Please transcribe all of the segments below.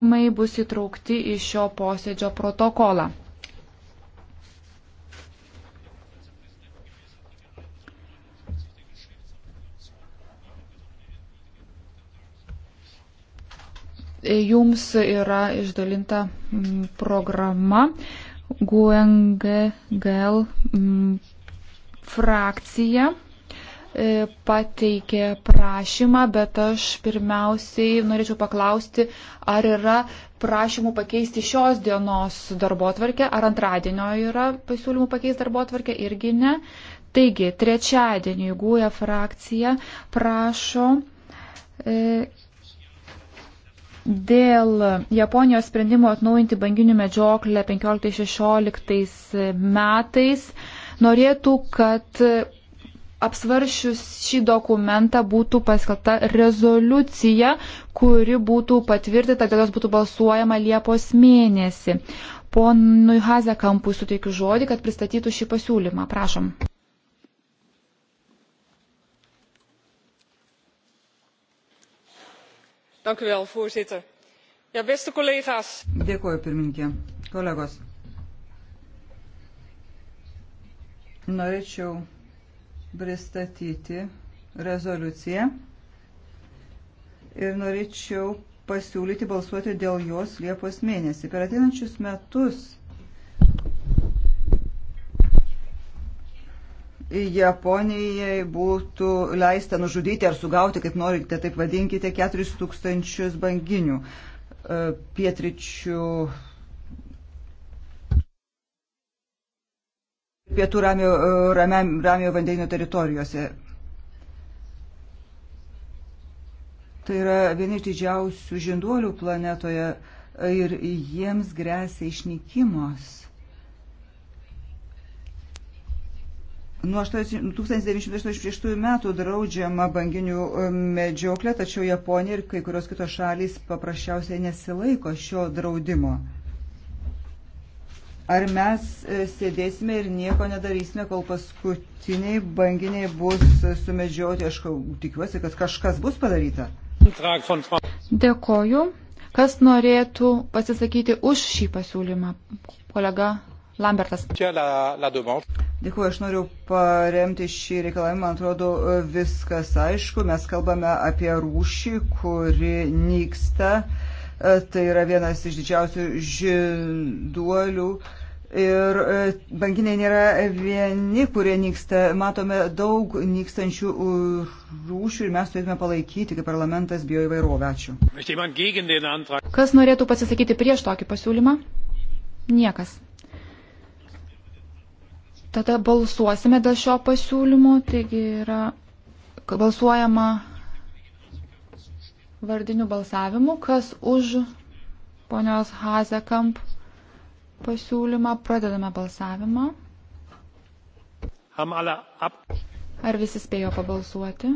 Klausimai bus įtraukti į šio posėdžio protokolą. Jums yra išdalinta mm, programa GUNGL mm, frakcija. E, pateikė prašymą, bet aš pirmiausiai norėčiau paklausti, ar yra prašymų pakeisti šios dienos darbo atvarkę, ar antradienio yra pasiūlymų pakeisti darbo atvarkę, irgi ne. Taigi, trečiadienį GUE frakcija prašo. E, Dėl Japonijos sprendimo atnaujinti banginių medžioklę 15-16 metais norėtų, kad apsvaršius šį dokumentą būtų paskelbta rezoliucija, kuri būtų patvirtinta, kad jos būtų balsuojama Liepos mėnesį. Ponui Hazekampui suteikiu žodį, kad pristatytų šį pasiūlymą. Prašom. Wel, voorzitter. Ja, beste collega's. Dėkuoju, pirmininkė. Kolegos. Norėčiau pristatyti rezoliuciją ir norėčiau pasiūlyti balsuoti dėl jos Liepos mėnesį. Per ateinančius metus Japonijai būtų leista nužudyti ar sugauti, kaip norite, taip vadinkite, 4 tūkstančius banginių e, pietričių pietų ramio, e, ramiam, ramio vandenino teritorijose. Tai yra vieni iš didžiausių žinduolių planetoje ir jiems grėsia išnykimas. Nuo 1986 metų draudžiama banginių e, medžioklė, tačiau Japonija ir kai kurios kitos šalys paprasčiausiai nesilaiko šio draudimo. Ar mes e, sėdėsime ir nieko nedarysime, kol paskutiniai banginiai bus e, sumedžioti? Aš tikiuosi, kad kažkas bus padaryta. Dėkoju. Kas norėtų pasisakyti už šį pasiūlymą? Kolega Lambertas. Dėkuoju, aš noriu paremti šį reikalavimą. Man atrodo, e, viskas aišku. Mes kalbame apie rūšį, kuri nyksta. Uh, E, tai yra vienas iš didžiausių žinduolių. Ir e, banginiai nėra vieni, kurie nyksta. Matome daug nykstančių rūšių ir mes turėtume palaikyti kaip parlamentas bioįvairovę. Ačiū. Kas norėtų pasisakyti prieš tokį pasiūlymą? Niekas. Tada balsuosime dėl šio pasiūlymo, taigi yra balsuojama vardiniu balsavimu, kas už ponios Hazekamp pasiūlymą. Pradedame balsavimą. Ar visi spėjo pabalsuoti?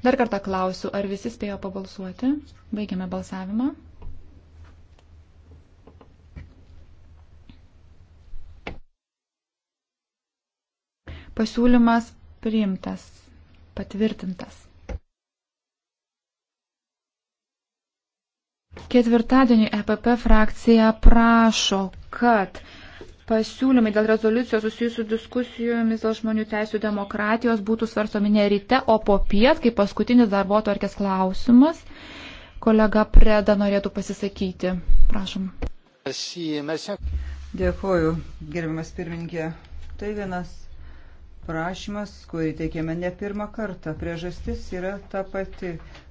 Dar kartą klausiu, ar visi spėjo pabalsuoti? Baigiame balsavimą. Pasiūlymas priimtas, patvirtintas. Ketvirtadienį EPP frakcija prašo, kad pasiūlymai dėl rezoliucijos susijusių diskusijomis dėl žmonių teisų demokratijos būtų svarstomi ne ryte, o po piet, kaip paskutinis darbo tvarkės klausimas. Kolega Preda norėtų pasisakyti. Prašom. Dėkuoju, gerbiamas pirmininkė. Tai vienas prašymas, kurį teikėme ne pirmą kartą. Priežastis yra ta pati.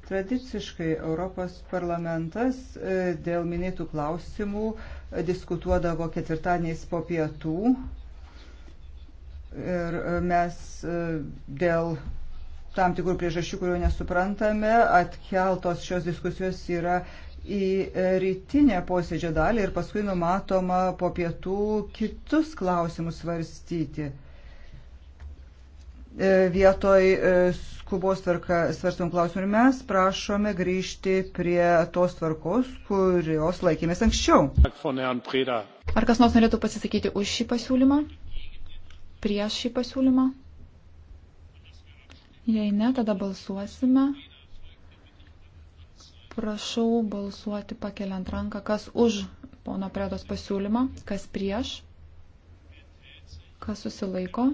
Tradiciškai Europos parlamentas e, dėl minėtų klausimų e, diskutuodavo ketvirtadieniais po pietų ir e, mes dėl tam tikrų priežasčių, kurių nesuprantame, atkeltos šios diskusijos yra į rytinę posėdžio dalį ir paskui numatoma po pietų kitus klausimus svarstyti. E, vietoj e, skubos tvarka svarstom klausimų ir mes prašome grįžti prie tos tvarkos, kurios laikėmės anksčiau. Ar kas nors norėtų pasisakyti už šį pasiūlymą? Prieš šį pasiūlymą? Jei ne, tada balsuosime. Prašau balsuoti pakeliant ranką, kas už pono Predos pasiūlymą, kas prieš, kas susilaiko.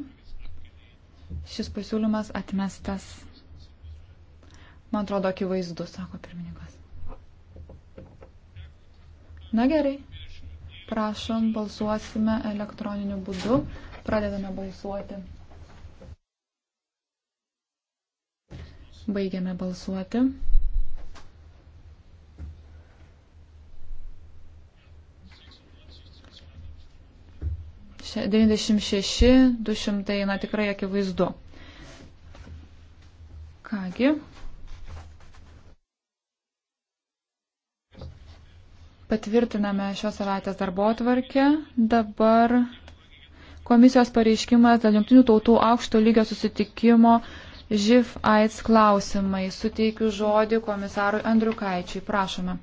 Šis pasiūlymas atmestas. Man atrodo, akivaizdu, sako pirmininkas. Na gerai. Prašom, balsuosime elektroniniu būdu. Pradedame balsuoti. Baigiame balsuoti. 96, 200, na tikrai akivaizdu. Kągi. Patvirtiname šios savaitės darbo atvarkę. Dabar komisijos pareiškimas dėl jungtinių tautų aukšto lygio susitikimo živ AIDS klausimai. Suteikiu žodį komisarui Andriukaičiui. Prašome.